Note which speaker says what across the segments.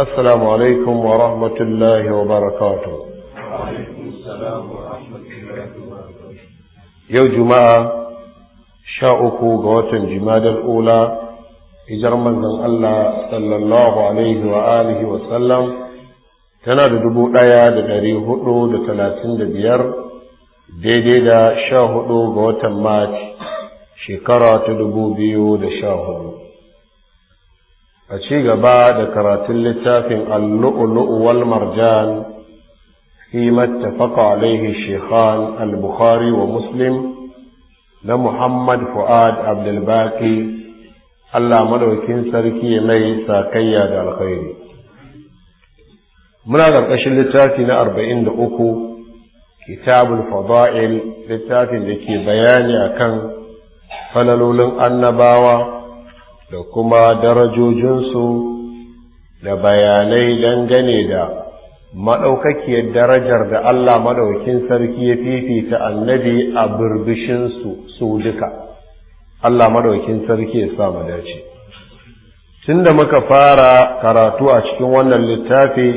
Speaker 1: السلام عليكم ورحمة الله وبركاته وعليكم السلام ورحمة الله وبركاته يوم جماعة شاءكو قوات جماد الأولى hijar manzon Allah sallallahu alaihi wa wa sallam tana da dubu ɗaya da ɗari huɗu da talatin da biyar daidai da sha huɗu ga watan Mac shekara ta dubu biyu da sha hudu. a ci gaba da karatun littafin al-lu'lu'u wal marjan fi mattafaqa alaihi al-bukhari wa muslim na muhammad fu'ad abdulbaki allah madaukin sarki mai sakayya da alkhairi muna ƙarƙashin littafi na arba'in da uku kitabul fada'il littafin da ke bayani akan falalolin annabawa da kuma darajojinsu da bayanai dangane da maɗaukakiyar darajar da Allah maɗaukin sarki ya fifita annabi a birbishinsu su duka Allah maɗaukin sarki ya sa dace tun da muka fara karatu a cikin wannan littafi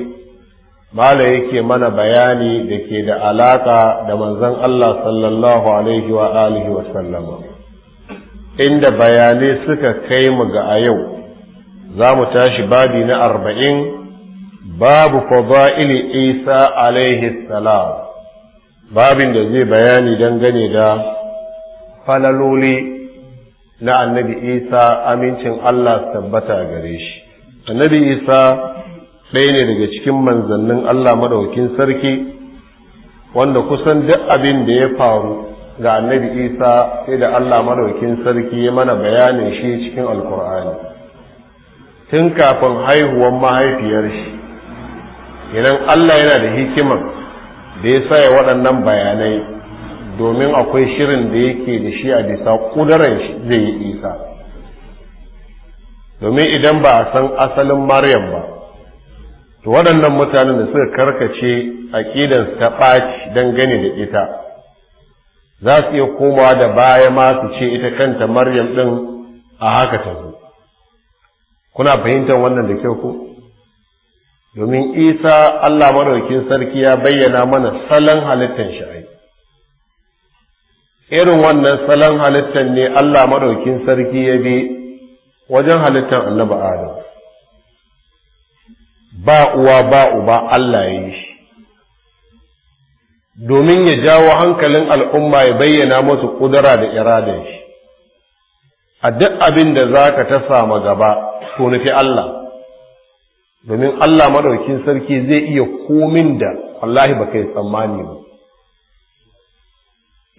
Speaker 1: mala yake mana bayani da ke da alaƙa da manzon Allah sallallahu alaihi wa alihi wa sallama inda bayanai suka kai mu ga a yau za mu tashi babi na arba'in babu fada'ili isa alaihi salam babin da zai bayani dangane da falaloli na annabi isa amincin allah tabbata gare shi annabi isa ɗaya ne daga cikin manzannin allah maɗaukin sarki
Speaker 2: wanda kusan duk abin da ya faru ga annabi isa sai da allah madaukin sarki ya mana bayanin shi cikin alkur'ani
Speaker 1: tun kafin haihuwan mahaifiyar shi idan allah yana da hikiman da ya saya waɗannan bayanai domin akwai shirin da yake da shi a bisa ƙudurar zai yi isa domin idan ba a san asalin maryam ba to waɗannan mutanen da suka karkace aƙidansu ta ɓaci gani da ita za su iya komawa da baya ma su ce ita kanta maryam ɗin a haka ta zo kuna fahimtar wannan da kyau ko domin isa allah maɗaukin sarki ya bayyana mana salon halittar shi irin wannan salon halittar ne allah maɗaukin sarki ya bi wajen halittar annabi adam ba uwa ba uba allah ya yi shi domin ya jawo hankalin al'umma ya bayyana musu kudura da iradin shi a duk abin da za ka ta ma gaba to nufi Allah domin Allah maɗaukin sarki zai iya komin da wallahi ba kai tsammani ba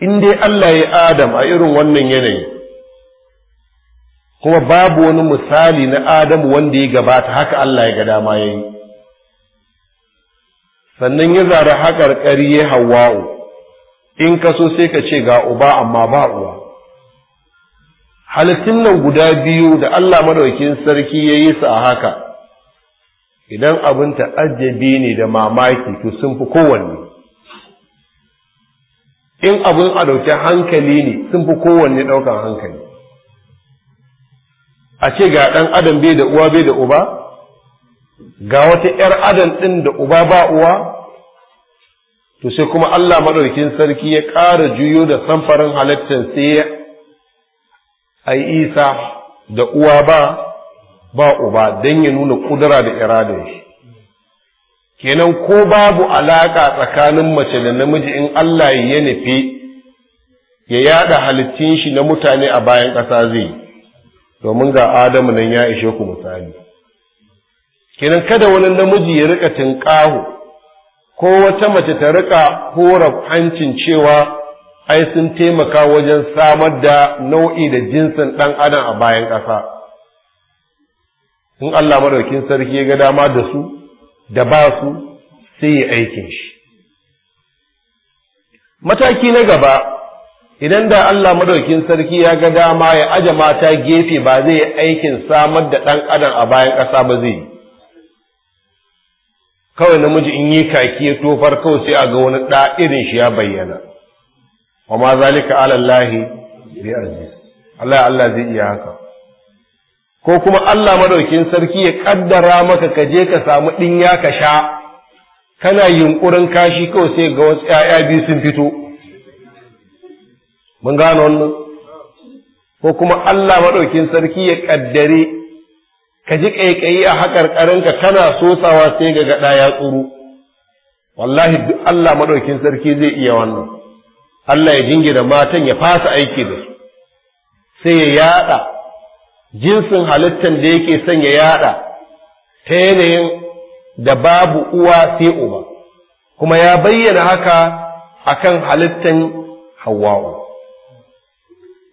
Speaker 1: in dai Allah ya Adam a irin wannan yanayi kuma babu wani misali na Adam wanda ya gabata haka Allah ya ga dama ya yi sannan ya zara haƙarƙari ya hawa'u in ka so sai ka ce ga uba amma ba uwa halittun nan guda biyu da Allah madaukin sarki ya yi su a haka idan abin ta'ajjabi ne da mamaki to sun fi kowanne in abin a ɗauki hankali ne sun fi kowanne ɗaukan hankali a ce ga ɗan adam bai da uwa bai da uba ga wata ‘yar adam ɗin da uba ba uwa to sai kuma Allah maɗaukin sarki ya ƙara juyo da samfarin halittar sai a isa da uwa ba ba uba don ya nuna ƙudura da iradar shi kenan ko babu alaƙa tsakanin mace da namiji in Allah ya nufi ya yada halittin shi na mutane a bayan ƙasa zai domin ga Adamu nan ya ishe ku misali kenan kada wani namiji ya rika tinƙaho ko wata mace ta rika horaf hancin cewa ai sun taimaka wajen samar da nau'i da jinsin ɗan adam a bayan ƙasa in Allah madaukin sarki ya ga dama da su da ba su sai ya aikin shi mataki na gaba idan da Allah madaukin sarki ya ga dama ya aje mata gefe ba zai aikin samar da ɗan adam a bayan ƙasa ba zai yi kawai namiji in yi kaki ya tofar kawai sai a ga wani ɗa irin shi ya bayyana wa ma zalika ala bi arzi Allah Allah zai iya haka ko kuma Allah madaukin sarki ya kaddara maka ka je ka samu ɗin ya ka sha kana yunkurin kashi kawai sai ga wasu ƴaƴa biyu sun fito mun gane wannan ko kuma Allah madaukin sarki ya kaddare ka ji ƙaiƙayi a haƙarƙarinka kana sosawa sai ga gaɗa ya tsuru wallahi duk Allah maɗaukin sarki zai iya wannan Allah ya jingina matan ya fasa aiki da su sai ya yaɗa jinsin halittan da yake son ya yaɗa ta yanayin da babu uwa sai uba kuma ya bayyana haka akan halittan hawwa'u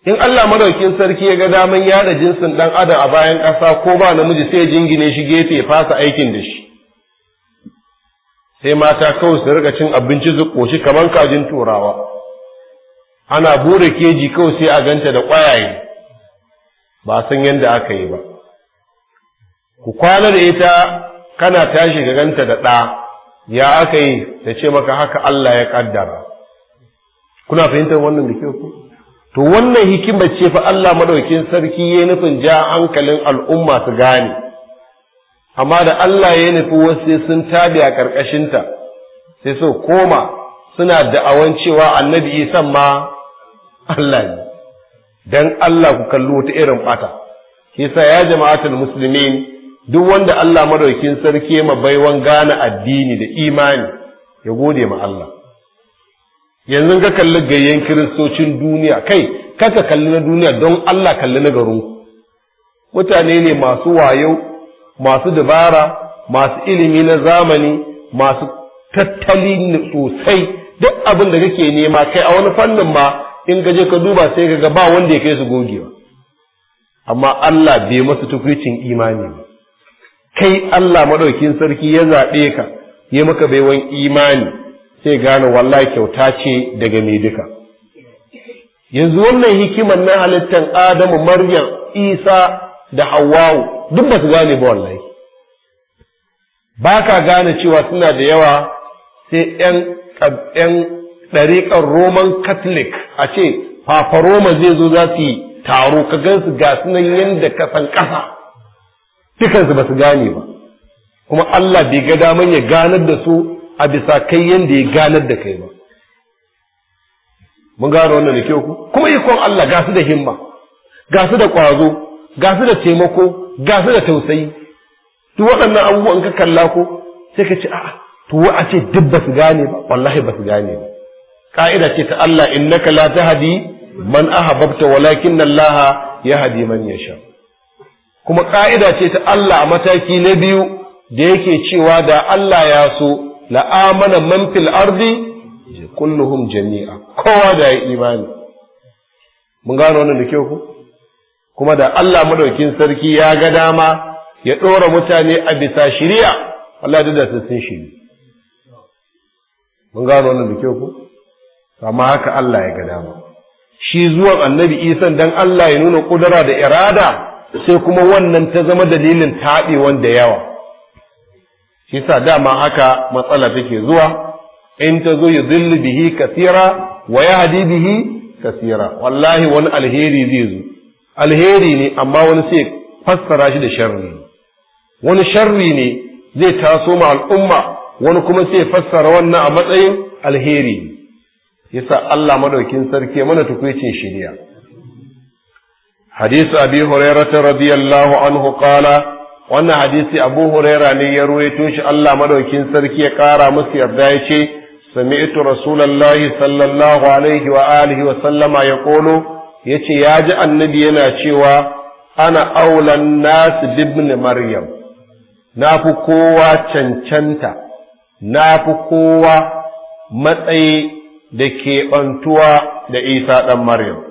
Speaker 1: in Allah madaukin sarki ya ga daman yada jinsin dan adam a bayan ƙasa ko ba namiji sai ya jingine shi gefe fasa aikin da shi sai mata kawai su rika cin abinci su koshi kamar kajin turawa ana bure keji kawai sai a ganta da ƙwayaye ba san yadda aka yi ba ku kwana da ita kana tashi ga ganta da ɗa ya aka yi ta ce maka haka Allah ya ƙaddara kuna fahimtar wannan da ke ku to wannan hikimar ce fa Allah madaukin sarki ya nufin ja hankalin al'umma su gane amma da Allah ya nufi wasu sun tabi a ƙarƙashinta sai so koma suna da'awan cewa annabi isa ma Allah ne dan Allah ku kallo ta irin ke kisa ya jama'atul muslimin duk wanda Allah madaukin sarki ma baiwan gane addini da imani ya gode ma Allah yanzu ka kalli gayyen kiristocin duniya kai kaka kalli na duniya don Allah kalli na garin mutane ne masu wayo masu dabara masu ilimi na zamani masu tattali sosai duk abin da kake nema kai a wani fannin ma in ka ka duba sai ka ga ba wanda ya kai su gogewa amma Allah bai masu tukwicin imani ba kai Allah madaukin sarki ya zaɓe ka ya maka baiwan imani sai gane wallahi kyauta ce daga mai duka yanzu wannan hikimar na halittar adamu maryam isa da hawawu duk ba su gane ba wallahi ba ka gane cewa suna da yawa sai yan ɗariƙar roman catholic a ce papa roma zai zo za su yi taro ka gansu ga sunan yadda ka san ƙasa dukansu ba su gane ba kuma allah bai ga daman ya ganar da su a bisa kai yanda ya ganar da kai ba mun gano wannan da kyau ku kuma ikon Allah gasu da himma gasu da ƙwazo gasu da taimako gasu da tausayi To waɗannan abubuwan ka kalla ko sai ka ce a'a to wa a ce duk ba su gane ba wallahi ba su gane ba Ƙa'ida ce ta Allah in innaka la tahdi man ahbabta walakin laha ya yahdi man yasha kuma ƙa'ida ce ta Allah a mataki na biyu da yake cewa da Allah ya so la amana man fil ardi kulluhum jami'a kowa da ya imani mun gano wannan da kyau ku kuma da Allah madaukin sarki ya ga dama ya ɗora mutane a bisa shari'a Allah da su sun shiri mun gano wannan da kyau ku amma haka Allah ya ga dama shi zuwan annabi isan dan Allah ya nuna kudura da irada sai kuma wannan ta zama dalilin taɓewan da yawa Yasa dama haka matsala take zuwa in ta zo yudhillu bihi kasira wa hadi bihi kasira wallahi wani alheri zai zo alheri ne amma wani sai fassara shi da sharri wani sharri ne zai taso ma al'umma wani kuma sai fassara wannan a matsayin alheri yasa Allah madaukin sarki mana tukwicin shiriya hadisi abi هريرة رضي anhu عنه wannan hadisi abu huraira ne ya ruwaito shi Allah madaukin sarki ya kara musu yarda ya ce sami'tu rasulullahi sallallahu alaihi wa alihi wa sallama ya kolo ya ce ya ji annabi yana cewa ana aulan nasu ibn maryam na fi kowa cancanta na fi kowa matsayi da keɓantuwa da isa ɗan maryam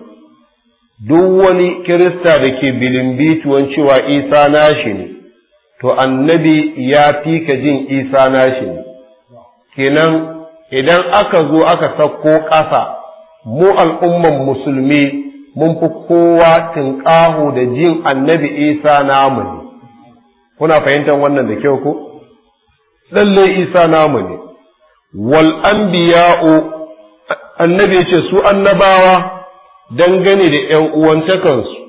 Speaker 1: duk wani kirista da ke bilimbituwan cewa isa nashi ne to annabi ya fi ka jin isa nashi kenan idan aka zo aka sako ƙasa mu al'umman musulmi mun fi kowa tinƙaho da jin annabi isa namu ne kuna fahimtar wannan da kyau ko lalle isa namu ne wal anbiya'u annabi ce su annabawa dangane da ƴan uwantakansu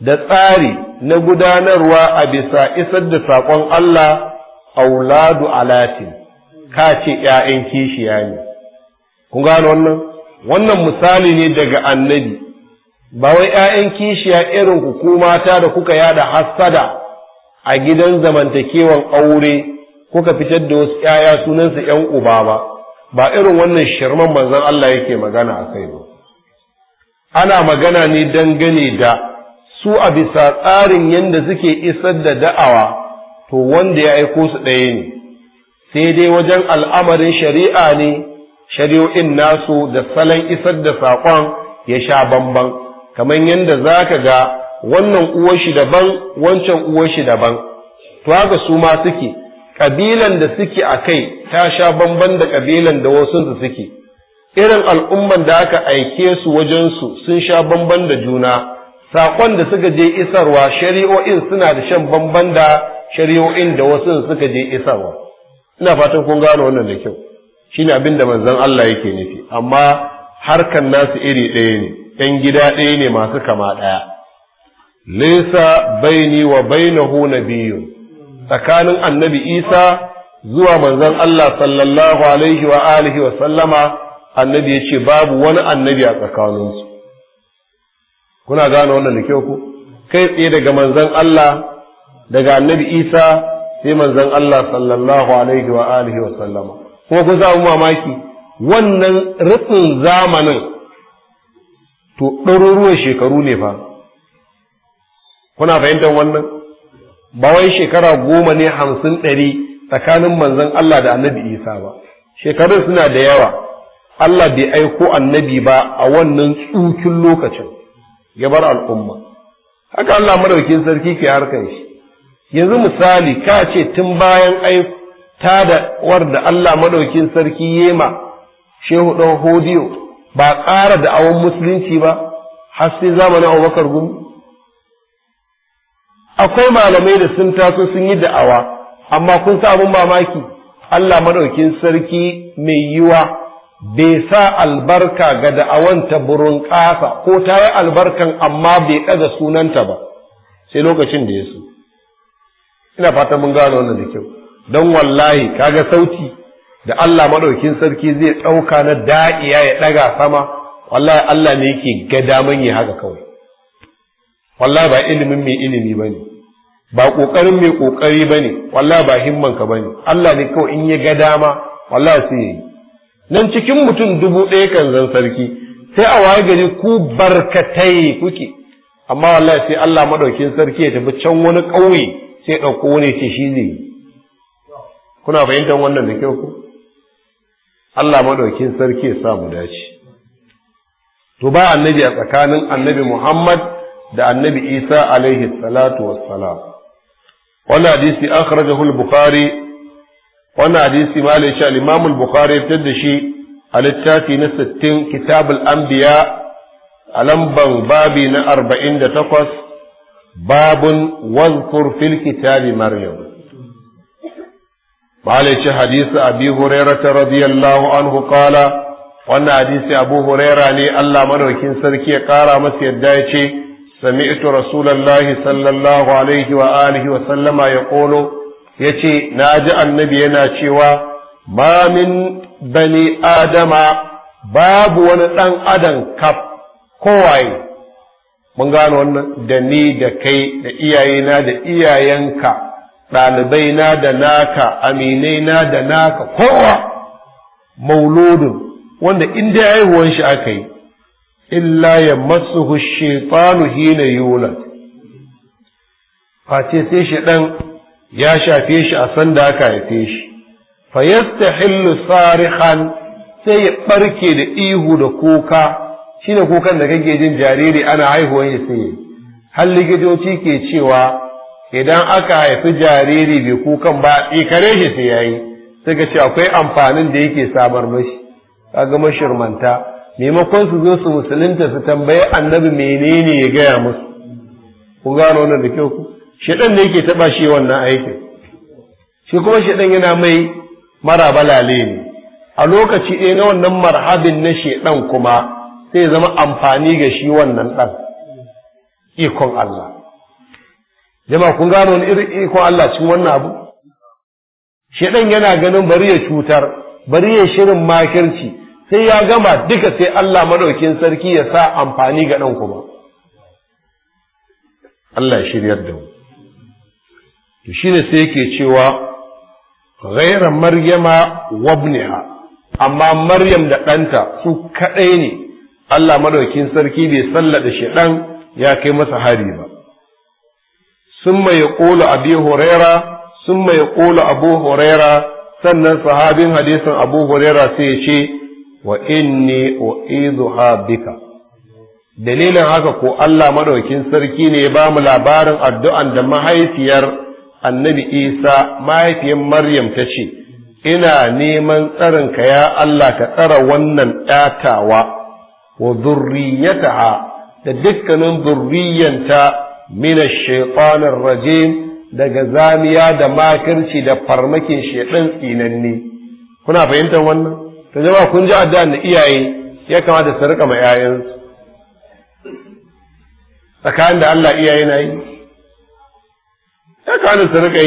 Speaker 1: da tsari na gudanarwa a bisa isar da saƙon Allah auladu alatin ka ce ‘ya'yan kishiya ne kun gano wannan wannan misali ne daga annabi ba wai ‘ya'yan kishiya irin ku mata da kuka yada hassada a gidan zamantakewan aure kuka fitar da wasu ‘ya'ya sunansa ‘yan uba ba ba irin wannan shirman manzan Allah yake magana a kai ba ana magana ne dangane da su a bisa tsarin yadda suke isar da da'awa to wanda ya aiko su ɗaya ne sai dai wajen al'amarin shari'a ne shari'o'in nasu da salon isar da saƙon ya sha bamban kamar yadda za ka ga wannan uwashi daban wancan uwashi daban to haka su ma suke ƙabilan da suke a kai ta sha bamban da ƙabilan da wasu suke irin al'umman da aka aike su wajensu sun sha bamban da juna saƙon da suka je isarwa shari'o'in suna da shan bamban da shari'o'in da wasu suka je isarwa ina fatan kun gano wannan da kyau shine abin da manzon Allah yake nufi amma harkan nasu iri ɗaya ne ɗan gida ɗaya ne masu kama ɗaya laysa baini wa bainahu nabiyyun tsakanin annabi Isa zuwa manzon Allah sallallahu alaihi wa alihi wa sallama annabi yace babu wani annabi a tsakaninsu kuna gane wannan da kyau ku kai tsaye daga manzon Allah daga annabi Isa sai manzon Allah sallallahu alaihi wa alihi wa sallama kuma ku samu mamaki wannan rufin zamanin to ɗaruruwan shekaru ne fa kuna fahimtar wannan ba wai shekara goma ne hamsin ɗari tsakanin manzon Allah da annabi Isa ba shekarun suna da yawa Allah bai aiko annabi ba a wannan tsukin lokacin ya bar al'umma haka Allah madaukin sarki ke harkar shi yanzu misali ka ce tun bayan ai ta da war Allah madaukin sarki yema shehu dan hodiyo ba ƙara da awon musulunci ba har sai zamanin Abubakar gumi akwai malamai da sun taso sun yi da'awa amma kun sa abun mamaki Allah madaukin sarki mai yiwa bai sa albarka ga da'awanta burin ƙasa ko ta yi albarkan amma bai ɗaga sunanta ba sai lokacin da ya so ina fata mun gano wannan da kyau don wallahi ka ga sauti da Allah maɗaukin sarki zai ɗauka na da'iya ya ɗaga sama wallahi Allah ne yake ga man yi haka kawai wallahi ba ilimin mai ilimi ba ne ba ƙoƙarin mai ƙoƙari ba ne wallahi ba himmanka ba ne Allah ne kawai in ya ga dama wallahi sai ya yi nan cikin mutum dubu ɗaya kan zan sarki sai a waye gari ku barkatai kuke amma wallahi sai Allah madaukin sarki ya tafi can wani ƙauye sai ɗauko wani ce shi zai kuna fahimtar wannan da kyau ku Allah madaukin sarki ya sa mu dace to ba annabi a tsakanin annabi Muhammad da annabi Isa alaihi salatu wassalam wannan hadisi akhrajahu al-Bukhari wannan hadisi malai shi al bukhari ya fitar da shi a littafi na 60 Kitabul Ambiya. anbiya a lamban babi na 48 babun wazkur fil kitabi Maryam malai shi hadisi Abi Hurairah radiyallahu anhu qala wannan hadisi Abu ne Allah madaukin sarki ya kara masa yadda ya ce sami'tu rasulullahi sallallahu alaihi wa alihi wa sallama yaqulu ya ce na ji annabi yana cewa ma min bani adama babu wani ɗan adam kaf kowaye mun gano wannan da ni da kai da iyayena da iyayenka ɗalibaina da naka aminaina da naka kowa mauludin wanda inda ya haihuwan shi aka yi illa ya masu shefanu hina yula face sai shi ɗan ya shafe shi a san da aka haife shi fa yastahillu sarihan sai ya barke da ihu da kuka shine kukan da kake jin jariri ana haihuwan ya sai har likitoci ke cewa idan aka haifi jariri bai kukan ba tsikare shi sai yayi suka ce akwai amfanin da yake samar mashi kaga mashirmanta maimakon su zo su musulunta su tambayi annabi menene ya gaya musu Ku gano wannan da kyau ku shedan ne yake taba shi wannan aikin shi kuma shedan yana mai mara balale ne a lokaci ɗaya na wannan marhabin na shedan kuma sai zama amfani ga shi wannan ɗan ikon Allah jama'a kun gano wani irin ikon Allah cikin wannan abu shedan yana ganin bari ya cutar bari ya shirin makirci sai ya gama duka sai Allah madaukin sarki ya sa amfani ga ɗan kuma Allah shiryar da mu to shine sai yake cewa ghaira maryama wabniha amma maryam da ɗanta su kaɗai ne Allah madaukin sarki bai sallada shaɗan ya kai masa hari ba sun mai ƙola abi huraira sun mai ƙola abu huraira sannan sahabin hadisin abu huraira sai ya ce wa inni ha bika dalilin haka ko Allah madaukin sarki ne ya ba mu labarin addu'an da mahaifiyar annabi isa mahaifiyar maryam ta ce ina neman tsarinka ya allah ka tsara wannan ɗatawa wa zurriyataha da dukkanin zurriyanta min shaitanir rajim daga zamiya da makirci da farmakin shaitan tsinanne kuna fahimtar wannan Ta jama'a kun ji addu'an da iyaye ya kamata su rika ma 'ya'yansu tsakanin da Allah iyaye na yi tsakanin su rika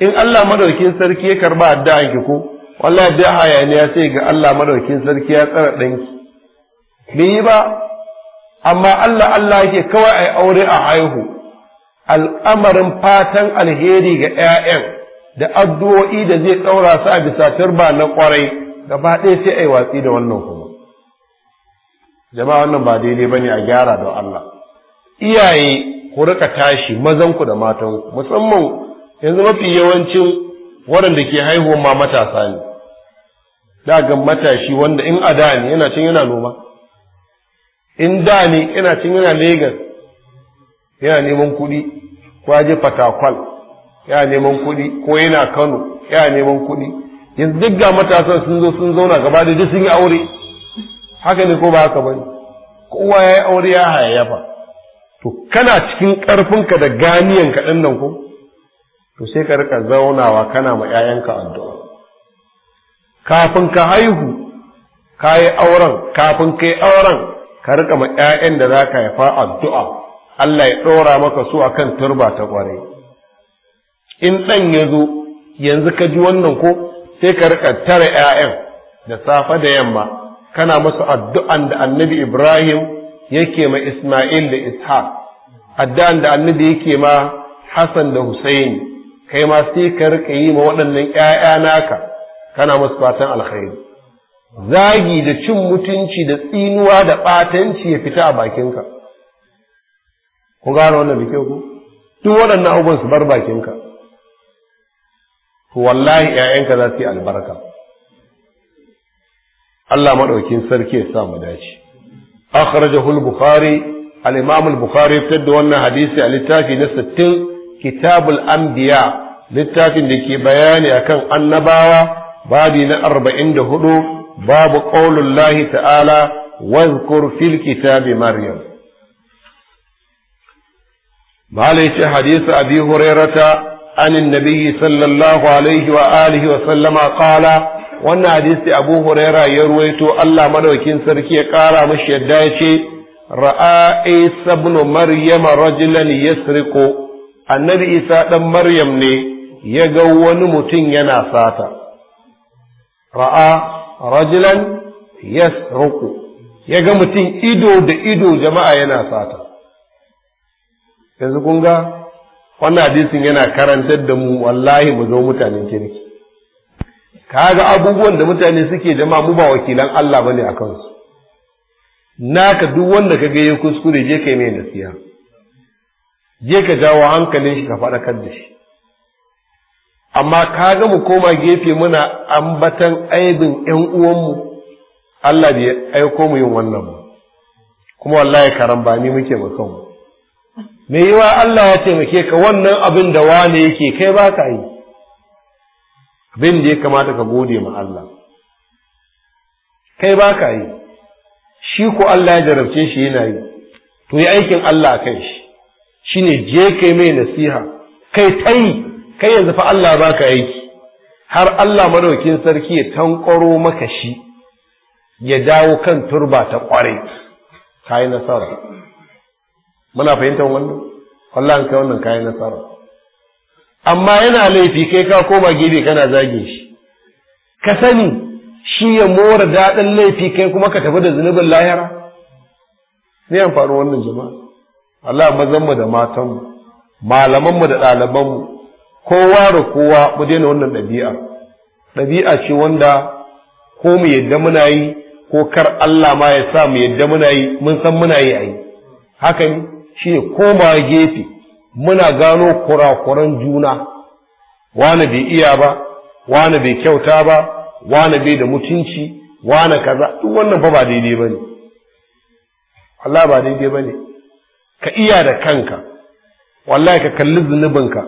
Speaker 1: in Allah madaukin sarki ya karba addu'an ki ko wallahi da ya sai ga Allah madaukin sarki ya tsara danki bi yi ba amma Allah Allah yake kawai ai aure a haihu al'amarin fatan alheri ga ƴaƴan da addu'o'i da zai tsaura su a bisa turba na ƙwarai gaba ɗaya sai ai watsi da wannan kuma jama'a wannan ba daidai bane a gyara don Allah iyaye ku rika tashi mazanku da matanku musamman yanzu mafi yawancin waɗanda ke haihuwa ma matasa ne daga matashi wanda in a da ne yana cin yana noma in da ne yana cin yana Legas yana neman kuɗi ko ya je yana neman kuɗi ko yana kano yana neman kuɗi yanzu duk ga matasan sun zo sun zauna gaba da duk sun yi aure haka ne ko ba haka ba ne kowa ya yi aure ya hayayyafa to kana cikin ƙarfinka da ganiyan kaɗan nan ku to sai ka rika zaunawa kana ma 'ya'yanka addu'a kafin ka haihu ka yi auren kafin ka yi auren ka rika ma 'ya'yan da za ka haifa addu'a Allah ya ɗora maka su a kan turba ta ƙwarai in ɗan ya zo yanzu ka ji wannan ko sai ka rika tara 'ya'yan da safe da yamma kana masu addu'an da annabi Ibrahim yake ma Ismail da Ishaq addan da annabi yake ma Hassan da Husaini kai ma sai ka rika yi ma waɗannan ƴaƴa naka kana musu fatan alkhairi zagi da cin mutunci da tsinuwa da batanci ya fita a bakinka ku gane wannan da ku duk waɗannan abubuwan su bar bakinka to wallahi ƴaƴanka za su yi albarka Allah maɗaukin sarki ya sa mu dace akhrajahu al-bukhari al-imam al-bukhari tadda wannan hadisi a littafi na sittin kitabul anbiya littafin da ke bayani akan annabawa badi na 44 babu qaulullahi ta'ala واذكر في الكتاب مريم معليش حديث أبي هريرة عن النبي صلى الله عليه وآله وسلم قال wannan hadisi abu huraira ya ruwaito Allah madaukin sarki ya kara mashi yadda ya ce ra'a isa ibn maryam rajulan yasriqu annabi isa dan maryam ne ya ga wani mutum yana sata ra'a rajulan yasriqu ya ga mutum ido da ido jama'a yana sata yanzu kun ga wannan hadisin yana karantar da mu wallahi mu zo mutanen kirki kaga abubuwan da mutane suke jama mu ba wakilan Allah bane a kansu naka duk wanda kaga ya kuskure je yi mai nasiha je ka jawo hankalin shi ka faɗakar da shi amma kaga mu koma gefe muna ambatan aibin ƴan mu Allah bai aiko mu yin wannan ba kuma wallahi ba ni muke ba kanmu me yiwa Allah ya taimake ka wannan abin da wane yake kai ba ka yi abin da ya kamata ka gode ma Allah kai ba ka yi shi ko Allah ya jarabce shi yana yi to yi aikin Allah kan shi shine je kai mai nasiha kai ta yi, kai yanzu fa Allah ba ka aiki har Allah madaukin sarki ya tankwaro maka shi ya dawo kan turba ta kwarai ka yi nasara muna fahimtar wannan Allah kai wannan kayan yi nasara amma yana laifi kai ka koma gefe kana zage shi ka sani shi ya mora daɗin laifi kai kuma ka tafi da zunubin lahira ne faru wannan jama'a Allah mazanmu da matanmu malamanmu da ɗalibanmu kowa da kowa mu daina wannan ɗabi'a ɗabi'a ce wanda ko mu yadda muna yi ko kar Allah ma ya sa mu yadda muna yi mun san muna yi a yi haka shi ne koma gefe muna gano kurakuran juna wani bai iya ba wani bai kyauta ba wani bai da mutunci wani kaza duk wannan fa ba daidai ba ne, Allah ba daidai ba ne. ka iya da kanka wallahi ka kalli zunubinka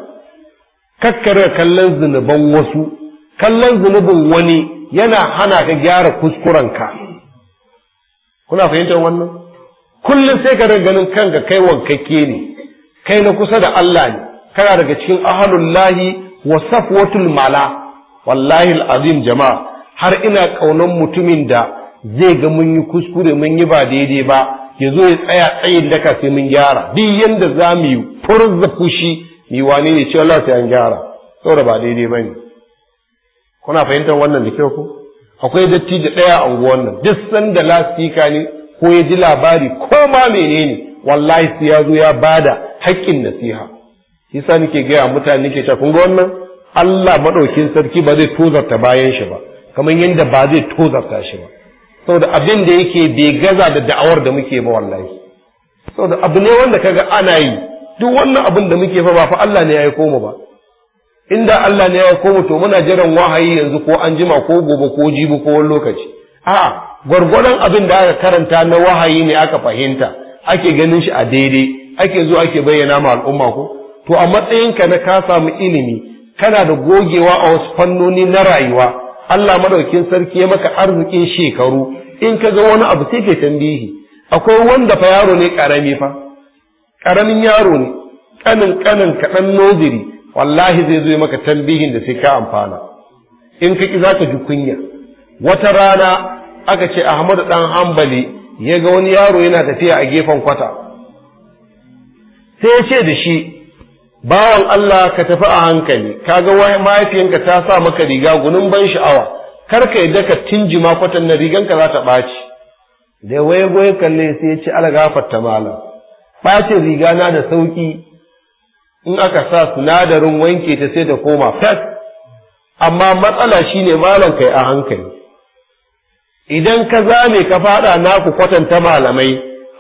Speaker 1: ka kallon zunuban wasu kallon zunubin wani yana hana ka gyara kuskurenka kuna fahimtar wannan kullum sai ka ganin kanka kai wankakke ne kai na kusa da Allah ne kana daga cikin lahi wa safwatul mala wallahi azim jama'a har ina kaunan mutumin da zai ga mun yi kuskure mun yi ba daidai ba ya zo ya tsaya tsayin daka sai mun gyara duk yanda za mu yi furza fushi ni wane ne ce Allah sai an gyara saboda ba daidai ba ne. kuna fahimtar wannan da kyau ko akwai datti da ɗaya a unguwan nan duk sanda lasika ne ko ya ji labari ko ma menene wallahi sai ya zo ya bada haƙƙin nasiha yasa nake gaya mutane ke cewa kun ga wannan Allah madaukin sarki ba zai tozarta bayan shi ba kamar yadda ba zai tozarta shi ba saboda abin da yake bai gaza da da'awar da muke ba wallahi saboda abu ne wanda kaga ana yi duk wannan abin da muke fa ba fa Allah ne ya aiko mu ba inda Allah ne ya aiko mu to muna jiran wahayi yanzu ko an jima ko gobe ko jibi ko wani lokaci a'a gwargwaron abin da aka karanta na wahayi ne aka fahimta ake ganin shi a daidai ake zuwa ake bayyana ma al'umma ko to a matsayinka na ka samu ilimi kana da gogewa a wasu fannoni na rayuwa Allah madaukin sarki ya maka arzikin shekaru in ka ga wani abu sai ka tambihi akwai wanda fa yaro ne karami fa karamin yaro ne kanin kanin kaɗan noziri wallahi zai zo maka tambihin da sai ka amfana in ka ki zaka ji kunya wata rana aka ce Ahmadu dan Hambali ya ga wani yaro yana tafiya a gefen kwata sai ya ce da shi bawan Allah ka tafi a hankali ka kaga mahaifiyanka ta sa maka riga gunun ban sha'awa kar ka yadda ka jima kwatan na riganka za ta ɓaci da waye goye kalle sai ya ce ala ta malam ɓacin riga na da sauki in aka sa sinadarin wanke ta sai ta koma fes amma matsala shine malam kai a hankali idan ka zame ka faɗa naku kwatanta malamai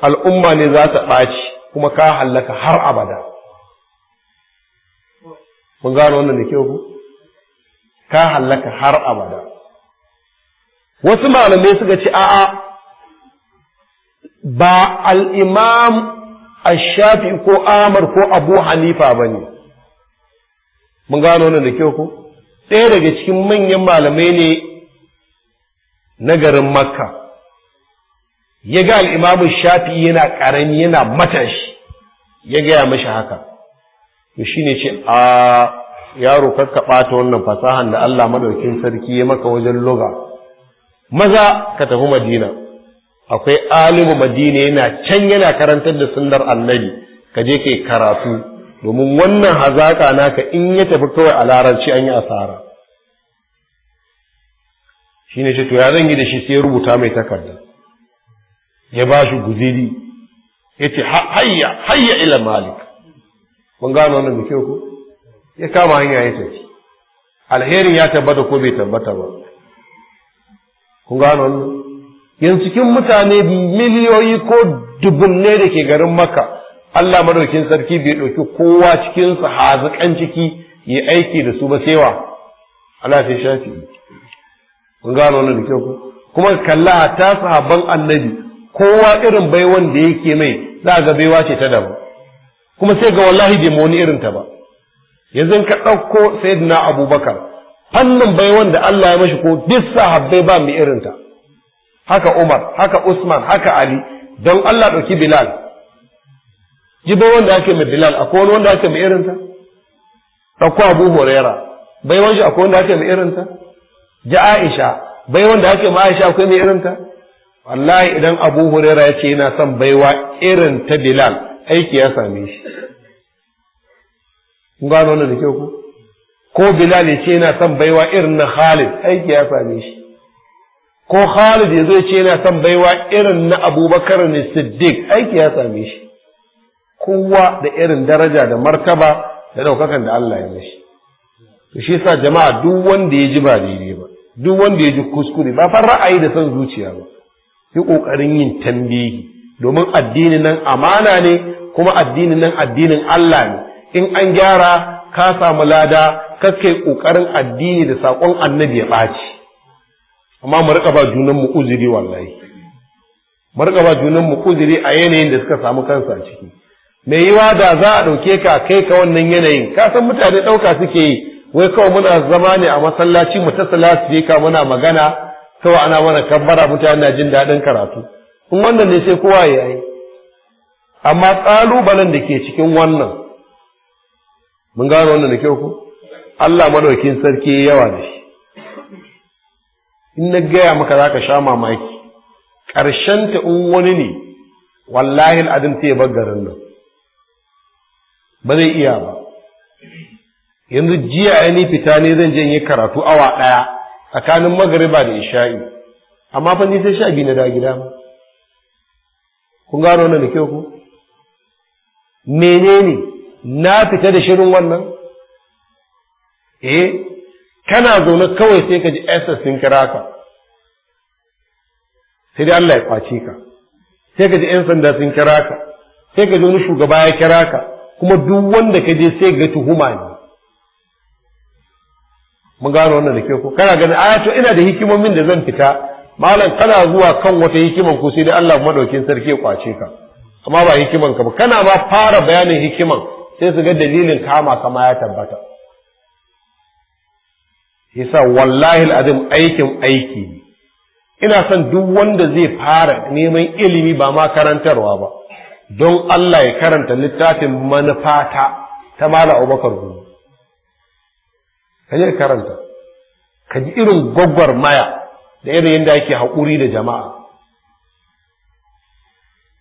Speaker 1: al'umma ne za ta ɓaci kuma ka hallaka har abada mun gano wannan da kyau ku ka hallaka har abada wasu malamai suka ce a'a ba al'imam ashafi ko amar ko abu hanifa ba ne mun gano wannan da kyau ku ɗaya daga cikin manyan malamai ne na garin makka ya ga al’imamun shafi yana ƙarami yana matashi ya gaya mashi haka to shi ne ce a yaro kakka ɓata wannan fasahan da Allah madaukin sarki ya maka wajen loga maza ka tafi madina akwai alimu madina yana can yana karantar da sunnar annabi ka je ke karatu domin wannan hazaka naka in ya tafi kawai a larabci an yi asara shi ne ce to ya zan yi da shi sai rubuta mai takarda ya ba shi guziri ya ce hayya hayya ila malik mun gano wannan da kyau ko ya kama hanya ya tafi alherin ya tabbata ko bai tabbata ba kun gano wannan yanzu cikin mutane miliyoyi ko dubunne da ke garin maka Allah madaukin sarki bai ɗauki kowa cikin su hazikan ciki yi aiki da su ba sewa Allah sai shafi kun gano wannan da kyau ko kuma kalla ta sahabban annabi kowa irin baiwan da yake mai za ga baiwa ce ta daban kuma sai ga wallahi bai wani irin ta ba yanzu ka ɗauko sayyidina abubakar fannin baiwan da Allah ya mashi ko bisa Habbai ba mai irin ta haka umar haka usman haka ali don Allah ɗauki bilal ji baiwan da ake mai bilal akwai wani wanda ake mai irin ta ɗauko abu horera baiwan shi akwai wanda ake mai irin ta ji aisha baiwan da ake mai aisha akwai mai irin ta wallahi idan abu huraira ya ce yana son baiwa irin ta bilal aiki ya same shi kun gano wannan da kyau ku ko bilal ya ce yana son baiwa irin na khalid aiki ya same shi ko khalid ya zo ce yana son baiwa irin na abubakar ne siddiq aiki ya same shi kowa da irin daraja da martaba da ɗaukakan da Allah ya mishi to shi yasa jama'a duk wanda ya ji ba daidai ba duk wanda ya ji kuskure ba fa ra'ayi da son zuciya ba yi ƙoƙarin yin tambihi domin addinin nan amana ne kuma addinin nan addinin Allah ne in an gyara ka samu lada kakai ƙoƙarin addini da saƙon annabi ya ɓaci amma mu riƙa ba junan mu uzuri wallahi mu riƙa ba junan mu uzuri a yanayin da suka samu kansa ciki mai yiwa da za a ɗauke ka kai ka wannan yanayin ka san mutane ɗauka suke yi wai kawai muna zama ne a masallaci mu ta salati ka muna magana kawai ana mana kabbara mutane na jin daɗin karatu in wannan ne sai kowa ya yi amma ƙalubalen da ke cikin wannan mun gano wannan da kyau ku Allah madaukin sarki yawa da shi in na gaya maka za ka sha mamaki ta in wani ne wallahi al'adun ta yi garin nan ba zai iya ba yanzu jiya ya ni fita ne zan je yi karatu awa ɗaya tsakanin magariba da isha'i amma fa ni sai sha biyu na da gida ba kun gano wannan da kyau ku menene na fita da shirin wannan eh kana zaune kawai sai ka ji ss sun kira ka sai dai Allah ya kwace ka sai ka ji 'yan sanda sun kira ka sai ka ji wani shugaba ya kira ka kuma duk wanda ka je sai ga tuhuma ne mun gano wannan da ke ku kana ganin a ah, to ina da hikimomin da zan fita malam kana zuwa kan wata hikiman ku sai dai Allah madaukin sarki ya kwace ka amma ba hikiman ka ba kana ma fara bayanin hikiman sai su ga dalilin kama kama ya tabbata yasa wallahi alazim aikin aiki ina son duk wanda zai fara neman ilimi ba ma karantarwa ba don Allah ya karanta littafin manufata ta Bakar abubakar ka je karanta ka ji irin gwaggwar maya da irin yadda ake haƙuri da jama'a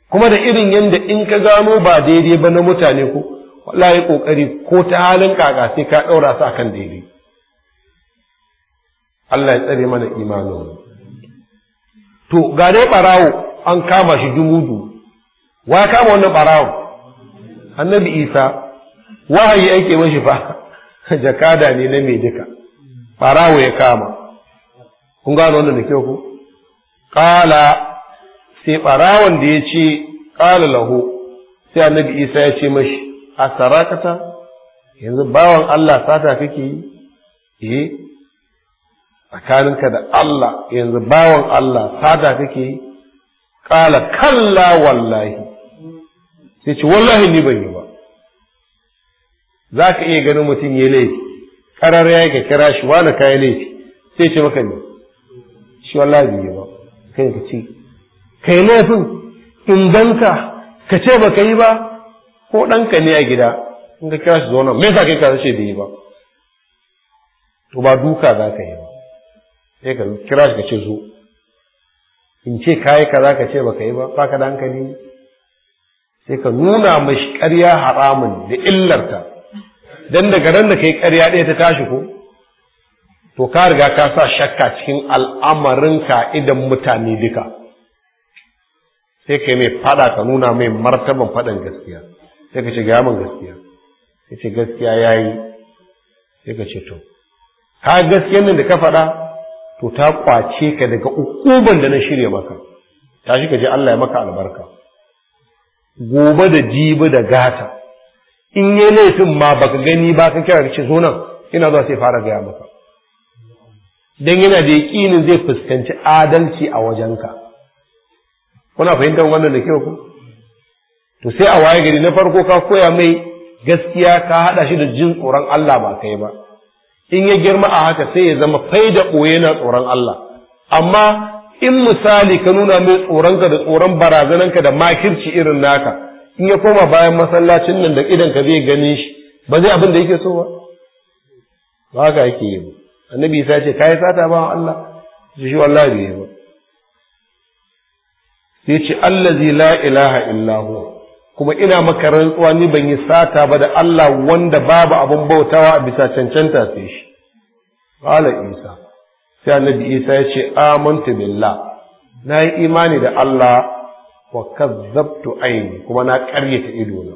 Speaker 1: kuma da irin yadda in ka gano ba daidai ba na mutane ko wallahi kokari ko ta halin kaka sai ka ɗaura su akan daidai Allah ya tsare mana imanin to ga dai barawo an kama shi Jumudu, wa kama wannan barawo annabi Isa wahayi ake mashi fa jakada ne na mai duka farawo ya kama kun gano wannan da kyau ku qala sai barawon da ya ce qala lahu sai annabi Isa ya ce mashi asarakata yanzu bawan Allah sata kake yi eh tsakaninka da Allah yanzu bawan Allah sata kake yi qala kalla wallahi sai ce wallahi ni ban yi za ka iya ganin mutum ya laifi karar ya ka kira shi wani ka yi laifi sai ce maka ne shi wala bai ba kai ka ce kai laifin in danka ka ce ba ka yi ba ko ɗanka ne a gida in ka kira shi zo nan me ka kai ka ce bai yi ba to ba duka za ka yi ba sai ka kira shi ka ce zo in ce kayi kaza ka ce baka yi ba Ba ka da hankali sai ka nuna mashi ƙarya haramun da illarta dan daga ran da yi ƙarya ɗaya ta tashi ko to ka riga ka sa shakka cikin al'amarin ka'idan mutane duka sai kai mai fada ka nuna mai martaban fadan gaskiya sai ka ce ga min gaskiya sai ce gaskiya yayi sai ka ce to ka gaskiya nan da ka faɗa to ta kwace ka daga ukuban da na shirya maka tashi ka je Allah ya maka albarka gobe da jibi da gata in yi laifin ma baka gani ba ka kira ka ce zo nan ina zuwa sai fara gaya maka dan yana da yaƙinin zai fuskanci adalci a wajenka kuna fahimtar wannan da kyau ku to sai a waye gari na farko ka koya mai gaskiya ka haɗa shi da jin tsoron Allah ba kai ba in ya girma a haka sai ya zama faida ɓoye na tsoron Allah amma in misali ka nuna mai tsoronka da tsoron barazananka da makirci irin naka in ya koma bayan masallacin nan da idan ka zai ganin shi ba zai abin da yake so ba ba haka yake yi ba annabi isa ce kai sata ba Allah shi shi wallahi bai yi ba sai ce allazi la ilaha illa huwa kuma ina maka rantsuwa ni ban yi sata ba da Allah wanda babu abin bautawa a bisa cancanta sai shi qala isa sai annabi isa ya ce amantu billah na yi imani da Allah wa kazzabtu aini kuma na karyata ido na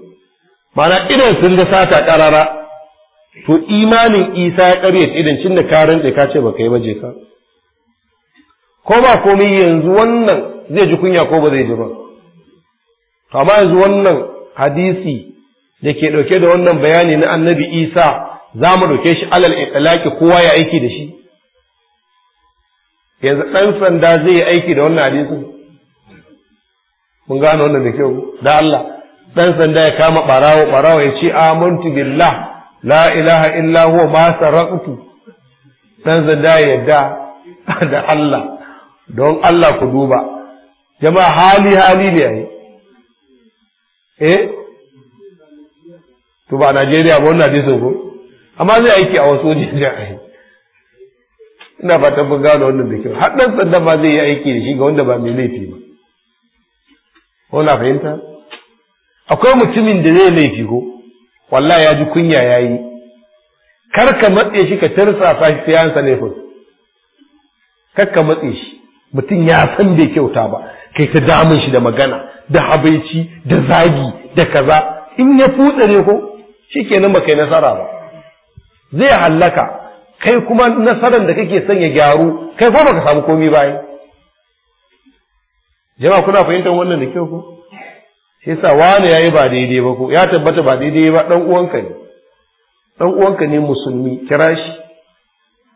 Speaker 1: mana idan sun ga sata karara to imanin isa ya karyata idan cin da karin da ka ce baka yi baje ka ko ba komai yanzu wannan zai ji kunya ko ba zai ji ba to amma yanzu wannan hadisi da ke ɗauke da wannan bayani na annabi isa za mu dauke shi alal itlaki kowa ya aiki da shi yanzu ɗan sanda zai yi aiki da wannan hadisin mun gano wannan da kyau da Allah dan sanda ya kama barawo barawo ya ce amantu billah la ilaha illa huwa ma saraqtu dan sanda ya yadda da Allah don Allah ku duba jama'a hali hali ne yayi eh to ba Najeriya ba wannan hadisin ko amma zai aiki a wasu wajejen ai ina ba mun gano wannan da kyau har dan sanda ma zai yi aiki da shi ga wanda ba mai laifi ba ko na fahimta akwai mutumin da zai laifi ko wallahi ya ji kunya yayi kar ka matse shi ka tirsasa shi sai yansa laifin kar ka matse shi mutum ya san bai kyauta ba kai ta damun shi da magana da habaici da zagi da kaza in ya futsa ne ko shikenan ba kai nasara ba zai hallaka kai kuma nasaran da kake son ya gyaru kai ko baka samu komai bayan jama'a kuna fahimtar wannan da kyau ko shi yasa wani yayi ba daidai ba ko ya tabbata ba daidai ba dan uwanka ne dan uwanka ne musulmi kira shi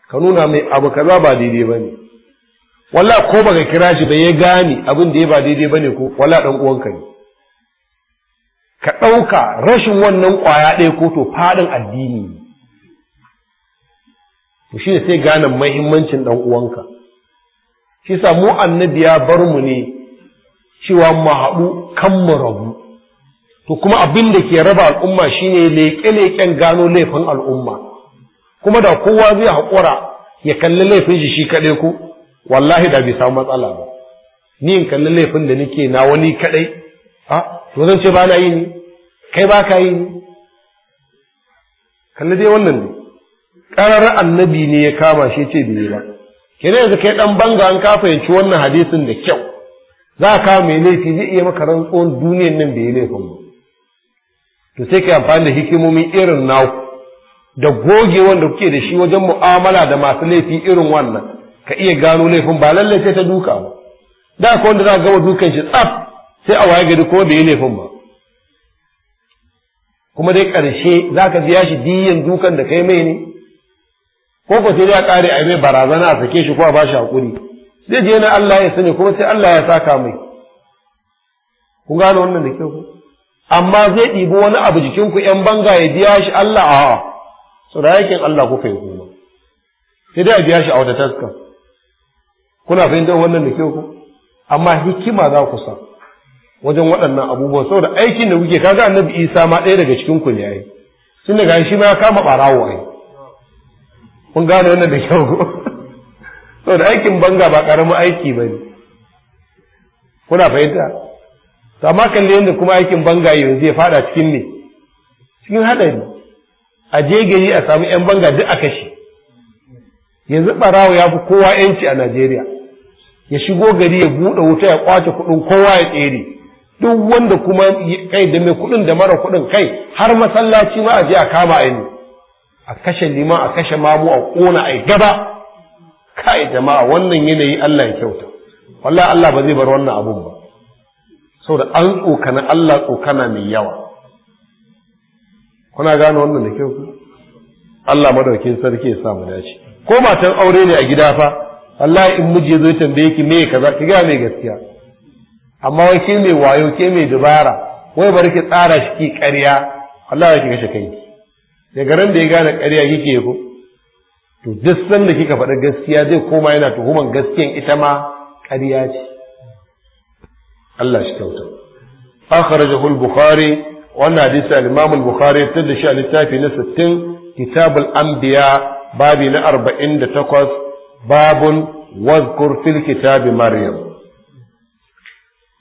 Speaker 1: ka nuna mai abu kaza ba daidai ba ne walla ko baka kira shi ba ya gane abin da ya ba daidai ba ne ko walla dan uwanka ne ka ɗauka rashin wannan ƙwaya ɗaya ko to faɗin addini ne to shi sai gane muhimmancin ɗan uwanka shi sa mu annabi ya bar mu ne cewa mu haɗu kan mu rabu to kuma abin da ke raba al'umma shine leƙe-leƙen gano laifin al'umma kuma da kowa zai haƙura ya kalli laifin shi shi kaɗai ku wallahi da bai samu matsala ba ni in kalli laifin da nake na wani kaɗai a to zan ce ba na yi ni kai ba ka yi ni kalli dai wannan ne ƙarar annabi ne ya kama shi ce bai ba kenan yanzu kai ɗan banga an ka fahimci wannan hadisin da kyau za a kawo mai laifi zai iya maka rantsuwan duniyan nan bai yi laifin ba to sai kai amfani da hikimomi irin naku da goge wanda kuke da shi wajen mu'amala da masu laifi irin wannan ka iya gano laifin ba lallai sai ta duka ba da aka wanda za a gama dukan shi tsaf sai a waye gari kuma bai yi laifin ba kuma dai ƙarshe za ka biya shi diyan dukan da kai mai ne ko ko sai dai a ƙare a mai barazana a sake shi ko a bashi shi haƙuri zai je na Allah ya sani kuma sai Allah ya saka mai kun gane wannan da kyau amma zai ɗibi wani abu jikinku ‘yan banga ya biya shi Allah a hawa su yakin Allah kuka yi kuma sai dai a biya shi a wata taska kuna fahimtar wannan da kyau ku amma hikima za ku sa wajen waɗannan abubuwan saboda aikin da kuke kaga annabi isa ma ɗaya daga cikin ku ne ai tun daga shi ma ya kama ɓarawo ai kun gane wannan da kyau ku saboda aikin banga ba karamin aiki ba ne kuna fahimta to amma kalli yadda kuma aikin banga yanzu ya fada cikin ne cikin hadari a je gari a samu yan banga duk a kashe yanzu barawo ya fi kowa yanci a najeriya ya shigo gari ya buɗe wuta ya kwace kuɗin kowa ya tsere duk wanda kuma kai da mai kuɗin da mara kuɗin kai har masallaci ma a je a kama aini a kashe liman a kashe mamu a ƙona a gaba kai jama'a wannan yanayi Allah ya kyauta wallahi Allah ba zai bar wannan abun ba saboda an tsokana Allah tsokana mai yawa kuna gane wannan da kyau ku? Allah madaukin sarki ya sa mu dace ko matan aure ne a gida fa wallahi in miji zo tambaye ki me kaza ki ga mai gaskiya amma wai ke mai wayo ke mai dubara wai bari ki tsara shi ki ƙarya wallahi ki kashe kai daga ran da ya gane ƙarya kike ko to duk sanda kika faɗa gaskiya zai koma yana tuhuman gaskiyan ita ma ƙarya ce Allah shi kyauta akhrajahu bukhari wannan hadisi al-imam al-bukhari ya da shi a littafi na 60 kitab al-anbiya babi na 48 babun wazkur fil kitab maryam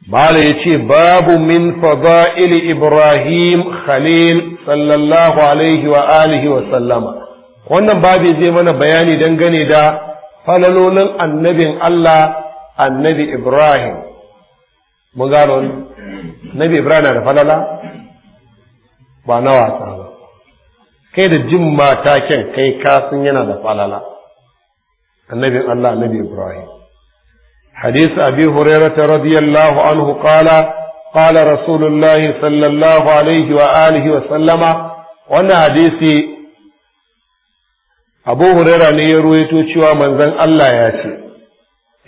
Speaker 1: mala yace babu min fada'il ibrahim khalil sallallahu alaihi wa alihi wa sallama wannan babu je mana bayani dangane da falalolin annabin Allah annabi Ibrahim mun gano annabi Ibrahim na da falala ba na wasa ba kai da jin mataken kai kasan yana da falala annabin Allah annabi Ibrahim حديث أبي هريرة رضي الله عنه قال قال رسول الله صلى الله عليه وآله وسلم وانا حديثي abu huraira ne ya ruwaito cewa manzon Allah ya ce